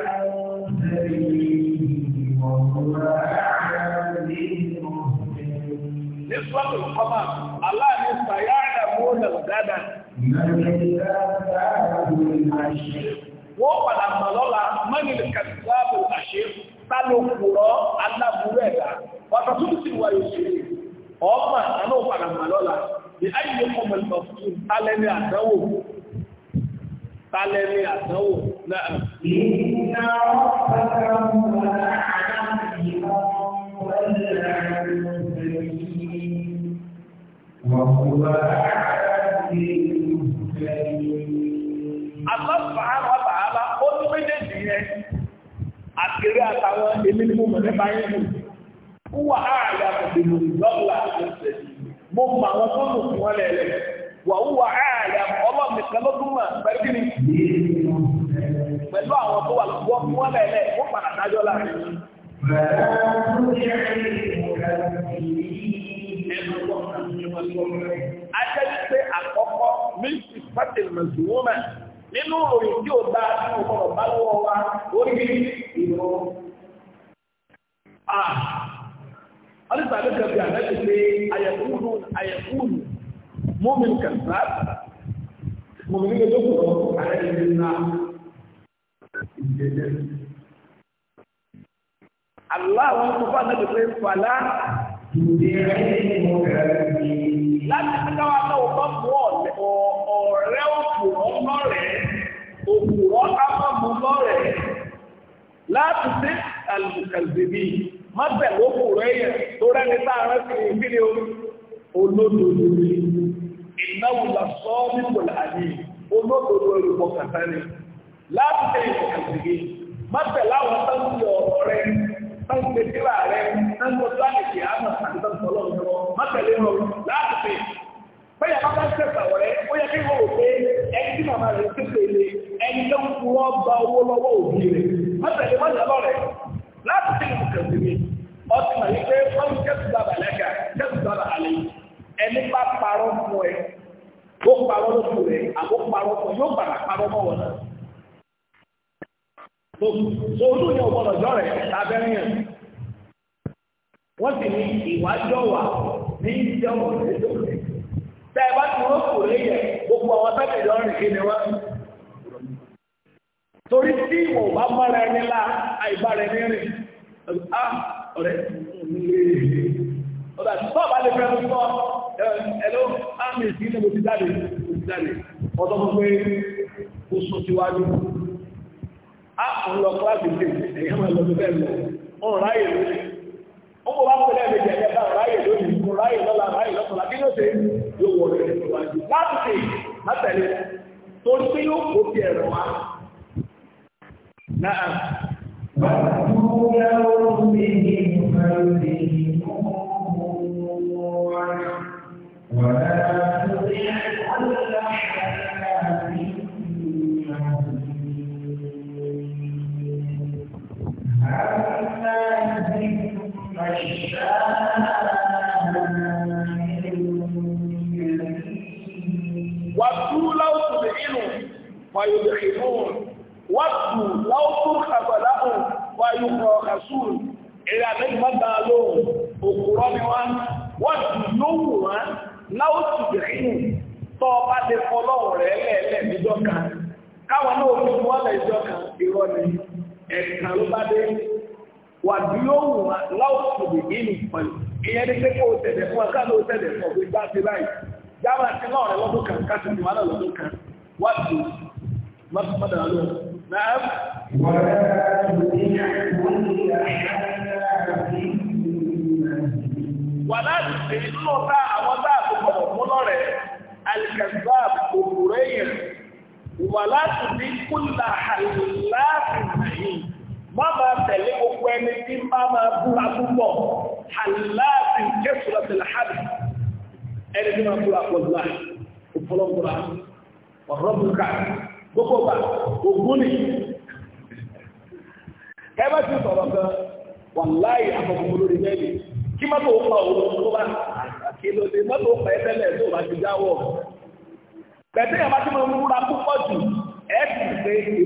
Ní sọ́tò kọ́mà, aláàrin sàyáàdà mọ́lẹ̀ gádà. Wọ́n padà mọ̀ lọ́la, mọ́nìlì kàtàbù àṣẹ, tálò kùrọ̀ aláburú ẹ̀dà. Wàtà tún ti wà ìṣẹ́ ọmọ àná padà mọ̀ lọ́la, bí ayé ọmọ ìfọ̀fún Allah ta'ala ó ní méjèèjì yẹn àkèrè àtàwọn èmi ni mo mọ̀ nípa yẹn mú. Wà á àyà mọ̀bìlì lọ́la ẹsẹ̀ mo mọ̀ àwọn tó lù fún wọn lẹ̀lẹ̀. Wà wúwa á àyà ọlọ́ọ̀mì kan ló dún pẹ̀lú àwọn tó wà lọ́wọ́ fún wọn lẹ̀lẹ̀ ó padà dájọ́ láàrin. Bẹ́ẹ̀ ni ó yẹ kí Ajẹ́jú pé àkọ́kọ́ méjì pàtàkì mẹ̀sùwọ́mẹ̀ nínú òyìn tí ó bá ní ọgbọ̀rọ̀ bá lọ́wọ́ wa ó ní ìrọ̀. Ọlọ́pàá ló kẹ̀kẹ́ àdájú pé àyẹ̀kúrú àyẹ̀kúrú mọ́mìn kẹ̀sà mọ̀mí ní tó kọ̀ àyẹ̀kúrú náà ìjẹ́jẹ́. Àlọ́ àwọn tó bá náà Láti fi káwá náà wọ́n mú ọ̀rẹ́ òkùrọ̀ lọ́rẹ̀, òkùrọ̀ ápàmù lọ́rẹ̀. Láti sí àlùkàzìbí, má bẹ̀rẹ̀ òkùrọ̀ èèyàn tó rẹ́ni táàrẹ́ sí ìbílẹ̀ olódodo ni. Ìnáwó làṣọ́ nípò láàyè, olódodo olùkọ̀kàtà ni. Láti sí ìkọ̀kàzìbí, má bẹ̀rẹ̀ láwọn tó ń fi ọ̀rọ̀ rẹ̀ táwọn ti gbèsè wà rẹ náà ń bọ̀ tó láti ṣe àmọ̀ àti tó ń sọ lọ́wọ́ lọ́wọ́ má tẹ̀lé lọ láti pè bẹ́ẹ̀ bá bá ń tẹ̀sà ọ̀rẹ́ ó yẹ kí wọ́n pé ẹni tí màmá rẹ̀ ti pè lé ẹni tó ń fún wọn gba owó lọ́wọ́ òbí rẹ̀ má tẹ̀lé má lọ́wọ́ láti pè mú kẹ̀sì mi ọtí mà ní pé wọ́n kẹ́sì bàbà lẹ́kà kẹ́sì bàbà àlẹ́ ẹni bá parọ́ fún ẹ ó parọ́ lóṣù rẹ̀ àbó parọ́ fún yóò so ojú ni ọ̀gbọ́dọ̀ jọ rẹ̀ wọ́n sì ní ìwájọ́ wà ní ìjọ òṣèlú tẹ́ ẹ bá ti wọ́n kò léyẹ gbogbo àwọn sábẹ̀ ìjọ rìn kí torí tí bá mọ́ra ẹni lá àìbára ẹni rìn á ọ̀rẹ́ ọ̀dà tó bá lè ẹ̀lọ́ a ń lọ kíláàsì dé ẹ̀yẹ́ máa lọ bẹ́ẹ̀ lọ ó ráyè lónìí ó mọ̀ bá pẹ̀lẹ́ ẹ̀mẹ́jẹ̀ ẹ̀yẹ́ bá ráyè lónìí mo ráyè lọ́la ráyè lọ́sọ̀la kí ló ṣe yóò wọ̀ rẹ̀ níwájú láti ṣe látẹ̀lé torí pé yóò kó bí ẹ̀rọ wa. Náà. Bàbá mi ní fàyọ̀dẹ̀kìmọ́n wàtù láwùtún àgbàláhùn fàyọ̀kọ̀ àṣùn èrè àmẹ́gbàgbà lóhùn òkúrọ́ ni wá wàtù lóhùn wá láwùtù dẹ̀kìmọ́n tọ́ bá lè fọlọ́wọ̀ rẹ̀ lẹ́ẹ̀lẹ́ níjọ́ kan káwọn náà fi wọ́n lẹ̀ níjọ́ kan irọ́ ni ẹ̀ka ló bá dé wàtù lóhùn wá láwùtù dẹ̀kìmọ́n ìyẹn ní pé kó o tẹ̀lẹ̀ fún ọ ká ló tẹ̀lẹ̀ fún ọ gbé gbá sí báyìí jábàá sí náà rẹ̀ lọ́dún kan ká mọ́tàmọ́tà lọ náà wọ́n wà láti ṣe inú ọ̀tá àwọn táàkù pọ̀pọ̀ mú lọ́rẹ̀ alìkàgbà òkúrẹ́ yẹn wà láti ní kúlà àláàfin nàí wọ́n máa tẹ̀lé gbogbo ẹni tí má máa búra púpọ̀ àláàfin kẹsùlọ̀ tẹ̀lẹ̀ hàbì ẹni tí máa búra pọ̀ gbogbo ọba ògún ni ẹgbẹ́ tí sọ̀rọ̀ gan wọ́n láì àkọ́kọ́ lórí mẹ́rin kí mọ́tò pa òun tó bá kìlò lè mọ́tò pa ẹ tẹ́lẹ̀ tó bá ti jáwọ́ tí mo ń múra púpọ̀ jù ẹ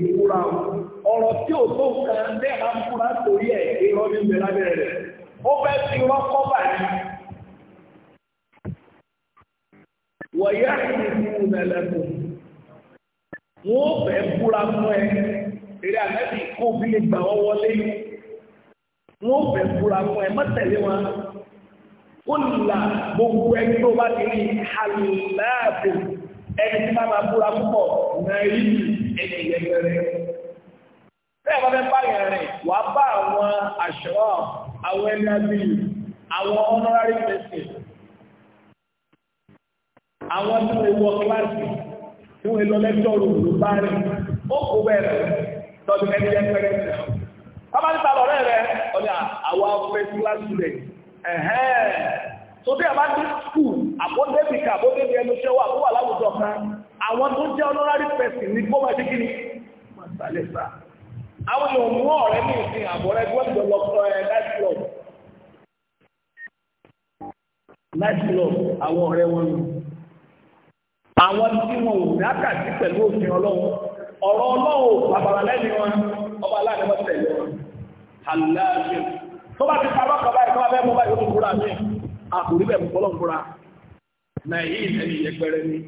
ìmúra ọ̀rọ̀ tí ò tó nǹkan ń múra torí ẹ̀ ní rẹ̀ ó fẹ́ wọ́n fẹ́ búra fún ẹ eré àmẹ́bí kó bí lè gbà wọ́n wọlé wọ́n fẹ́ búra fún ẹ má tẹ̀lé wọn ó là gbogbo ẹni tó bá ti rí àlùláàbò ẹni tí bá máa búra púpọ̀ náà rí ẹni yẹgbẹrẹ bẹ́ẹ̀ bá fẹ́ báyìí rìn wà bá àwọn àṣọ àwọn ẹni abiyì àwọn honorary person àwọn tí wọ́n wọ kíláàsì tí wọ́n lọ lẹ́jọ́ òru bá rẹ̀ ó kò bẹ̀rẹ̀ lọ́dún ẹni yẹn pẹ̀rẹ̀ rẹ̀. bàbá nípa lọ́rẹ́ rẹ̀ ọ̀dà àwa first class student ẹ̀hẹ́n tó bí a bá dé school àbódébì ká àbódébì ẹnu ṣẹ́ wà fún àláwùjọ kan àwọn tó jẹ́ honorary person ní kó máa dígí ni wọ́n sálẹ̀ sá. àwọn èèyàn mú ọ̀rẹ́ ní ìsìn àbọ̀rẹ́ tí wọ́n ti lọ kọ ẹ̀ láti lọ. láti lọ àwọn ọ̀rẹ́ wọn nù àwọn tí wọn ò dákàtí pẹ̀lú òfin ọlọ́run ọ̀rọ̀ ọlọ́run bàbàrà lẹ́nu wọn ọba aláàdé wọn tẹ̀lé wọn aláàdé tó bá ti pa bá kọba ẹ̀kọ́ abẹ́ mọ́ba yóò kúra mí àkùrí bẹ̀ mọ́kọ́ lọ́n kúra náà èyí ìlẹ́yìn yẹpẹrẹ ni.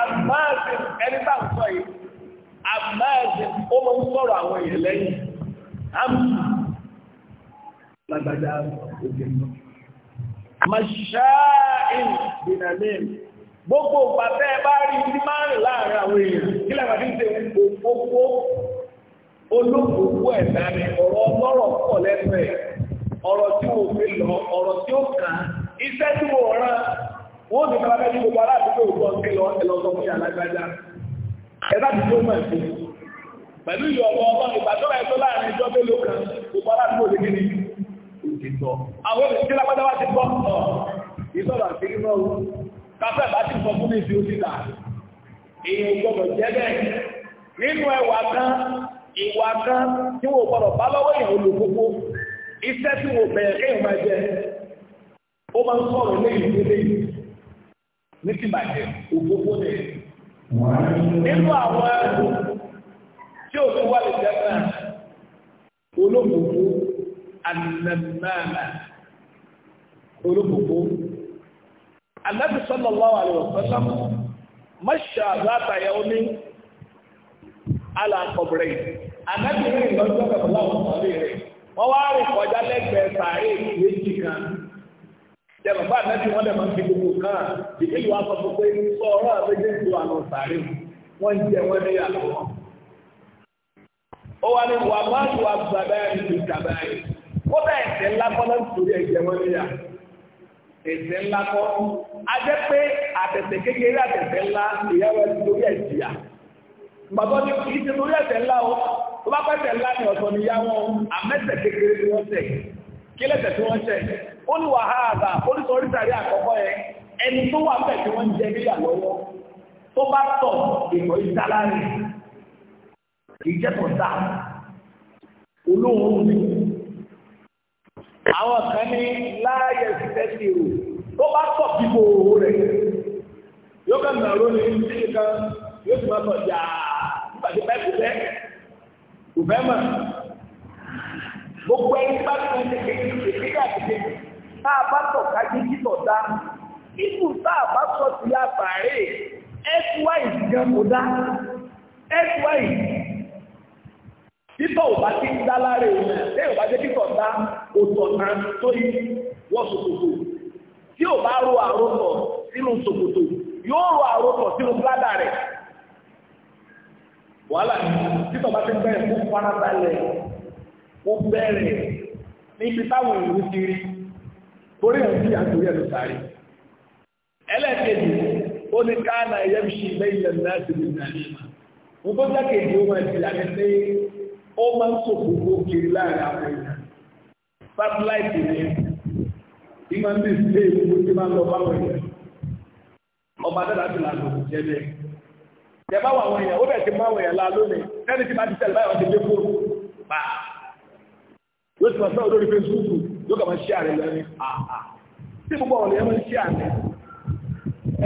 àmáàzì ẹni tá à ń sọ yìí àmáàzì ó máa ń sọ̀rọ̀ àwọn èèyàn lẹ́yìn àmì lágbàjá òkè lọ. Màṣáàìn Bìnàmín, gbogbo pàtẹ́ bá rí tí máa rìn láàrin àwọn èèyàn, kí lẹ́gbà tí ń ṣe òfófó olóòfófó ẹ̀dá ni ọ̀rọ̀ ọlọ́rọ̀ pọ̀ lẹ́nu ẹ̀, ọ̀rọ̀ tí wò fi lọ, ọ̀rọ̀ tí ó kàn án, iṣẹ́ tí wò rán, wọ́n ti fara mẹ́rin gbogbo aládùúgbò pẹ̀lú ìyọ̀wọ̀ ọmọ ìgbàjọba ẹ̀tọ́ láàrin ìjọ mélòó kan ìpọ̀ aládùúgbò lè gíní òtítọ́ àwọn olùsí lápẹ́dá wá ti gbọ́ ọ̀ ìsọ̀rọ̀ àti rírọ̀ o káfẹ́ bá ti sọ fún mi fi oṣù là èèyàn gbọdọ̀ jẹ́ bẹ́ẹ̀ nínú ẹwà kan ìwà kan tí wọ́n gbọdọ̀ bá lọ́wọ́ èèyàn olùkókó iṣẹ́ tí wọ́n bẹ̀rẹ̀ kéèyàn máa jẹ ó máa ń sọ̀rọ̀ lẹ́yìn lẹ́yìn ní tìbàjẹ́ òkókó nínú àwọn ẹ̀rọ tí ó tún wà lè jẹ́ náà olóògbòfó alẹ́mọ́lá olóògbòfó Ànábì sallallahu alaihi wasallam mọ́ṣà látàyà ó ní alàkọ̀bẹ̀rẹ̀ Ànábì rí ìlọ́jọ́ pẹ̀láwọn ọ̀rẹ́ rẹ̀ wọ́n wá rí kọjá lẹ́gbẹ̀ẹ́ sàárè méjì kan jẹ́bà bá àtàkì wọ́n dẹ̀ máa ń fi gbogbo kan ìdílé wa sọ fún pé sọ ọ̀rọ̀ àbẹ́jẹ́ ìlú àná sàárè wọ́n jẹ́ wọ́n ní àlọ́ wọn ó wá ní wà má ju àgbàdá yẹn ní ìjàmbá yẹn kódà ẹ̀ṣẹ̀ ńlá kọ́ náà nítorí ẹ̀jẹ̀ wọn níyà ẹ̀ṣẹ̀ ńlá kọ́ ajẹ́ pé àtẹ̀tẹ̀ kékeré àtẹ̀tẹ̀ ńlá ìyáwó ẹni torí ẹ̀jìyà bàbá ní kì í ṣe torí ẹ̀ṣẹ̀ ńlá o tó bá pẹ̀ṣẹ̀ ńlá ni ọ̀sán ni yáwó àmẹ́ṣẹ̀ kékeré ni wọ́n ṣẹ̀ kí lẹ́ṣẹ̀ tí wọ́n ṣẹ̀ ó ní wàhálà onítorí sàrí àkọ́kọ́ yẹn ẹni tó wà bẹ̀ tí wọ́n jẹ níyà lọ́wọ́ tó bá tọ̀ ìmọ̀ ìsáláàrin kì í jẹ́ tó dá olóhùn ni àwọn kan ní láàyè sílẹ̀sì rò tó bá pọ̀ bíbo owó rẹ̀ yóò kàn náà lónìí níbi kan yóò tún máa bọ̀ jà nígbàdí bẹ́ẹ̀ kò bẹ́ẹ̀ kò bẹ́ẹ̀ mọ̀ gbogbo ẹni bá tún ṣe kékeré kékeré tá a bá tọ̀ ká jíjí tọ̀ dá ibù tá a bá sọ sí àbàárẹ̀ xy gan kò dá xy títọ̀ ò bá ti ń dá láre òun tẹ́ ò bá jẹ́ títọ̀ dá òtọ̀ náà tó yí wọ́n ṣòkòtò tí ò bá ro àròtọ̀ sínú ṣòkòtò yóò ro àròtọ̀ sínú bládà rẹ̀ wàhálà títọ̀ bá ti bẹ̀rẹ̀ fún farabalẹ̀ ó bẹ̀rẹ̀ níbi táwọn ìlú ti rí torí òun bí àtòrí ẹ̀ ló sáré ẹlẹ́ẹ̀kejì ó ní káànà náà ti rí nàìjíríà mo tó jẹ́ ti ó máa ń sòfòfò kiri láàrin àwọn èèyàn satellite ni bí máa ń bí sílé ìwúwo tí máa ń lọ báwọn èèyàn ọba dáadáa ti là lòdì jẹ bẹ́ẹ̀ yẹba wà àwọn èèyàn ó bẹ̀rẹ̀ ti mú àwọn èèyàn la lónìí ẹni tí bá ti ṣẹlẹ̀ báyọ̀ ti dé kúrò bá yóò ti máa sọ olórí Facebook yóò kà máa ṣí àrẹ lẹ́ni àhà tí gbogbo ọ̀rọ̀ yẹn máa ń ṣí àrẹ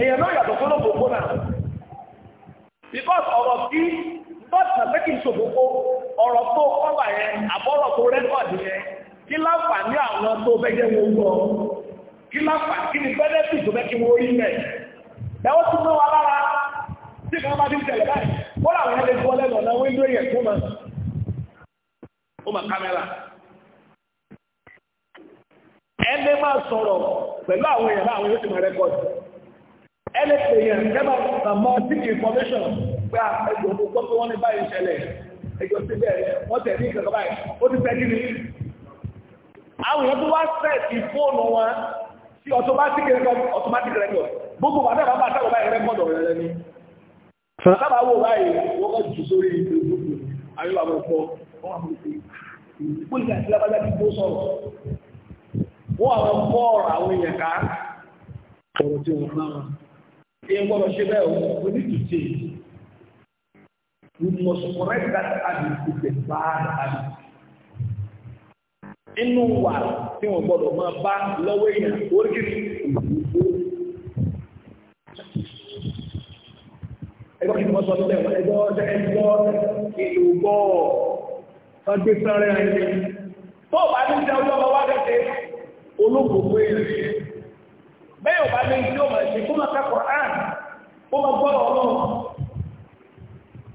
èèyàn náà yàtọ̀ fún òfófó náà because ọ̀rọ̀ kí bọ́ọ̀tì náà fẹ́ kí n ṣòfófó ọ̀rọ̀ tó kọ́bà yẹn àbọ́rọ̀ tó rẹ́kọ̀dì yẹn kí ní àwọn tó fẹ́ wọn gbọ́ kí láǹfààní kí ni bẹ́nẹ́tì tó kí wọ́n rí mẹ́ ẹ̀wọ́ tún wa lára tí kan bá dín tẹ̀lẹ̀ báyìí ó làwọn ẹlẹ́ gbọ́ lẹ́nu ọ̀nà wíńdó fún ma ó kámẹ́rà máa sọ̀rọ̀ pẹ̀lú àwọn èèyàn láwọn yóò ti máa rẹ́kọ̀dì pè yẹn ẹjọ́ sí bẹ́ẹ̀ wọ́n tẹ̀ ní ìkẹ́kọ̀ọ́ báyìí ó ti fẹ́ kí ni. àwọn èèyàn tó wá sẹ́ẹ̀tì fóònù wọn sí automatic record automatic record gbogbo bàbá bàbá bàbá sábà báyìí record ọ̀rẹ́ rẹ ni. sábà wò báyìí wọ́n kọ́ jù sórí Facebook àyẹ̀wò àwọn ọ̀pọ̀ wọ́n wà mọ̀ pé ìpínlẹ̀ àti lábájá ti gbó sọ̀rọ̀ wọ́n àwọn bọ́ọ̀rọ̀ àwọn èèyàn ká ọ̀rọ̀ tí wọ́n náà ń gbọ́dọ̀ ṣe bẹ́ẹ̀ o ní tùtù You must correct that habit with a bad habit. Inú wa tí wọ́n gbọ́dọ̀ máa bá lọ́wọ́ èèyàn oríkìrì òwúrò. Ẹgbọ́n kí ni wọ́n sọ nílẹ̀ wọ́n ẹgbọ́ ẹgbọ́ ìlú bọ́ sọ́gbé sáré ayé. Tó o bá ní ìjà ọjọ́ ọmọ wá dẹ́sẹ̀ olókòókò èèyàn. Bẹ́ẹ̀ ò bá ní ìjọ́ màá ṣe kó máa ká Kọ̀ọ̀án, kó máa gbọ́dọ̀ ọlọ́run.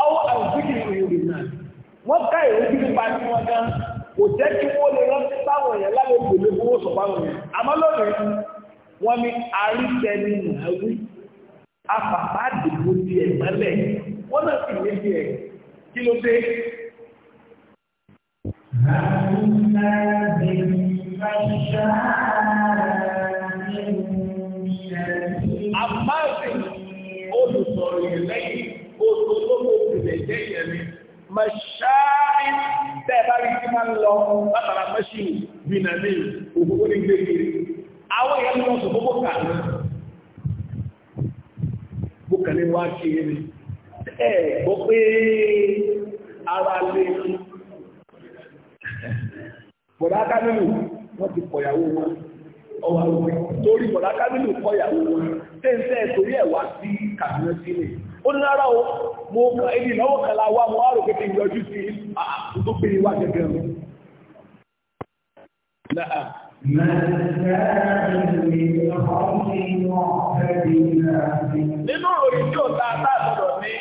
àwọn àwùjọ ìròyìn náà wọ́n ká ìròyìn nípa ní wọn gan kò jẹ́ kí wọ́n lè rántí báwọn èèyàn lábẹ́ ògbèlè fowó sọ báwọn èèyàn àmọ́ lónìí wọ́n ní àríṣẹ́ni ìhàwí afàfà àdìgbò di ẹ̀ mọ́lẹ̀ wọ́n náà sì ní bí ẹ̀ kí ló dé. Àmáàsì olùsọ̀rọ̀ yẹn lẹ́yìn olùsọ̀rọ̀ lè jẹ́ ìyẹn mi mọ̀ṣáì tẹ́ẹ̀bá rí tí máa ń lọ látara mọ́ṣì bìnà ní òkúkú ní gbégbé àwọn èèyàn lọ sọ gbogbo kà ní wá kí ní ẹ̀ gbọ́ pé ara lè bọ̀dá kánú wọ́n ti pọ̀yàwó wọn ọwà òwe torí bọ̀dá kábílù kọ ìyàwó wọn tẹ́ǹtẹ́ torí ẹ̀wà sí kàdúná sílẹ̀ ó ní rárá o mo kàn ẹni ìnáwó kan wá pé kí n yọjú sí àtúntò pé wá gẹ́gẹ́ rẹ̀. Nínú tí ó ta ní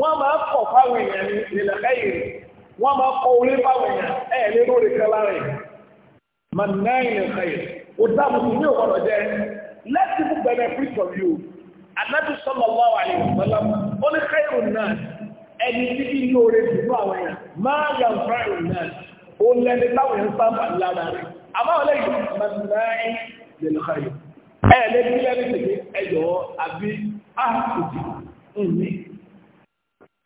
wọ́n máa fáwọn èèyàn wọ́n máa kọ orí báwọn èèyàn ẹ̀ lé lórí kan lára yìí mà náà ilẹ̀ kẹyì ní ọ̀rọ̀ jẹ́ let people benefit from you anabi sallallahu alaihi wasallam ó ní kẹyì náà ẹni tí kí ní orí dùnú àwọn èèyàn máa yà ń fẹ́ ìrìn náà ó lẹ́ni táwọn èèyàn sábà lára rẹ̀ àmọ́ ọ̀lẹ́ yìí mà náà ilẹ̀ kẹyì ẹ̀ lé lẹ́ni tèmi ẹ̀yọ́ àbí áàkùtì ah, ń ní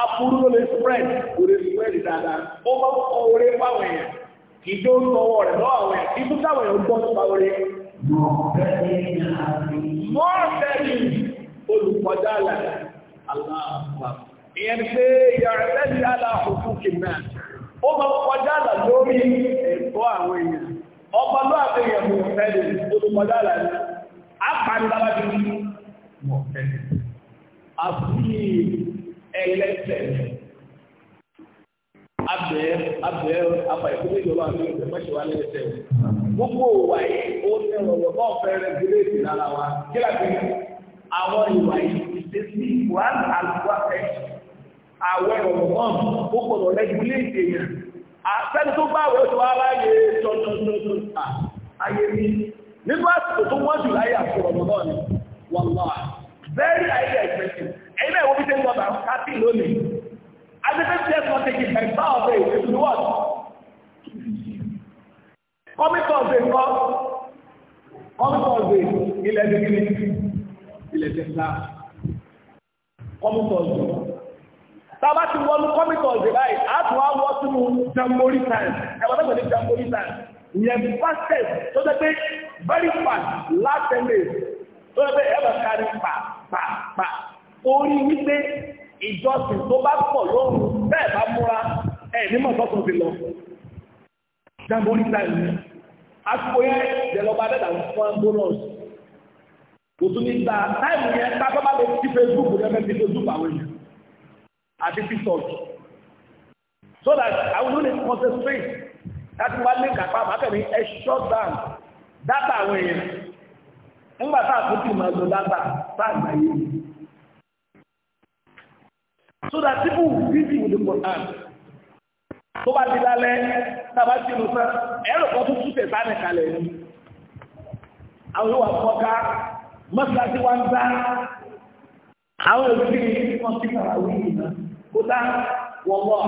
aburú ló lè spread kò lè spread dáadáa ó bá kọ orí fáwọn èèyàn kì í tó ń tọwọ́ rẹ̀ lọ́wọ́ àwọn èèyàn kì í tó táwọn èèyàn gbọ́ nípa orí. mọ́ọ̀tẹ́lì olùkọjá àlàyé aláàbà ìyẹn pé yàrá lẹ́yìn aláàbò kìnnà ó bá kọjá àlà lórí ẹ̀tọ́ àwọn èèyàn ọba ló àtẹ̀yẹ̀ mọ̀ọ̀tẹ́lì olùkọjá àlàyé apàdé bàbá tuntun mọ̀ọ̀tẹ́lì ẹlẹ́sẹ̀ abẹ́ abẹ́ afàyẹ̀kúndé ìjọba àti ìjọba mọ́ṣẹ́ wa lẹ́sẹ̀ gbogbo òwà yìí ó ní ọ̀rọ̀ náà fẹ́rẹ̀ gírèsì lára wa kí láti ní àwọn ìwà yìí ìṣesí ìwà àlùfáà ẹ̀ àwẹ̀ ọ̀rọ̀ náà ó gbọ́dọ̀ rẹ́gúlẹ̀tì èèyàn àfẹ́ni tó bá àwẹ̀ tó ara yẹ tọ́tọ́tọ́tọ́ ayé mi nígbà tó wọ́n jù láyé àfọ̀rọ̀ náà ni wọ́n lọ́wọ́ very high expectation ilé ìwọ bí ṣe ń lọ bá káàtì lónìí adébẹ́ ti ẹ̀sán ti kì bẹ̀rẹ̀ bá ọ̀bẹ ìlú wọ́n kọ́mítọ̀ ọ̀bẹ kọ́ kọ́mítọ̀ ọ̀bẹ ilẹ̀ ẹ̀dẹ̀ ilẹ̀ ẹ̀dẹ̀ ńlá kọ́mítọ̀ ọ̀bẹ tába ti wọnú kọ́mítọ̀ ọ̀bẹ báyìí a tún wá wọ́ sínú jamboree time ẹ̀wọ̀n tó gbẹ̀dẹ̀ jamboree time ìyẹn fastest tó dẹ́ pé very fast last ten days tó dẹ́ pé ẹ̀wọ̀n kárí pa orí wípé ìjọsìn tó bá pọ̀ lóòrùn bẹ́ẹ̀ bá múra ẹ̀ nímọ̀ tọ́tún ti lọ jamboree time ni àsìkò yẹn jẹlọba dẹ́dà ń fún bonus kò tún ní gba táìmù yẹn tábà bá lè ti facebook rẹ fẹ́ fi facebook àwọn èèyàn àti tiktok so that àwọn ló lè concentrate láti wá lè kápá àbákẹ́mi ẹ shut down data àwọn èèyàn nígbà tá a tó tì máa lo data tá a gbà yé so that people will read it with the Quran tó bá ti lálẹ́ tàbá ti lọ sán ẹ̀rọ kan tó túnṣẹ̀ bá nìkan lẹ̀ ní àwọn yóò wà fọ́ká mọ́síláṣí wá ń bá àwọn òbí wọn kí tara wí ìná kó dá wọ́wọ́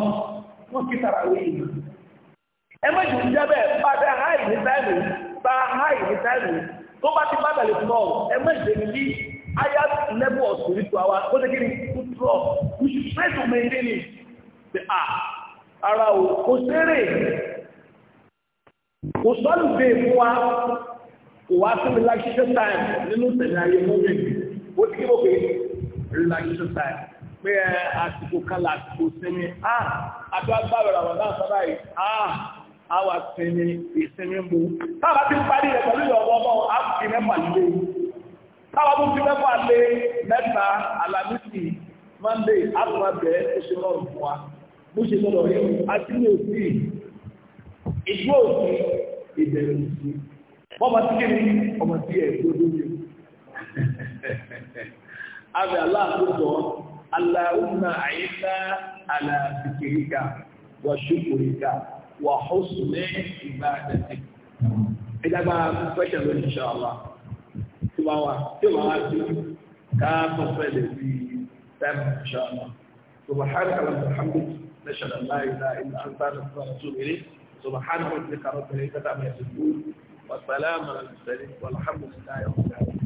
wọn kí tara wí ìná ẹ má jù jábẹ́ bá dá háì ní táìmù bá háì ní táìmù tó bá ti bá bẹ̀rẹ̀ fún ọ ẹ má jù ní higher level of spiritual our ó ṣe to trust we should try to maintain it the ah ara o kò sẹ́rẹ̀ kò sọ́lù dé fún wa kò wá sí relaxation time nínú tẹ̀lé ayé moving ó ti kí lópe relaxation time pé àsìkò kan làsìkò sẹ́mi ah àti wá gbàgbé Ramadan sábà yìí ah àwa sẹ́mi ìsinmi ń bo táwa ti parí rẹ̀ pẹ̀lú ìyọ̀wọ́ ọmọ àkùkì mẹ́fà nílé yìí táwọn tó fi mẹ́fà lé mẹ́ta alamisi monday àtúnwájẹ oṣù lọ́rùn fún wa bó ṣe lọ́rọ̀ yìí àti ní òsì ìjú òsì ìbẹ̀rẹ̀ òsì bọ́mọ tí kìíní ọmọ tí ẹ̀ tó dóbi. [LAUGHS] abẹ aláàkóso aláwùmá àyíká aláàfikìríkà wà ṣùkùríkà wà hùsùn ní ìgbà àdàtì. ìdágbà fẹ́ṣẹ̀ lónìí ṣàlá. bá wà tí wọ́n á ti káàkọ́ pẹ̀lẹ̀ pele bí time of shama subhanaka wa hamdika nashhadu an la ilaha illa anta astaghfiruka wa atubu ilayk wa bihamdika rabbil izzati amma wa salamun ala al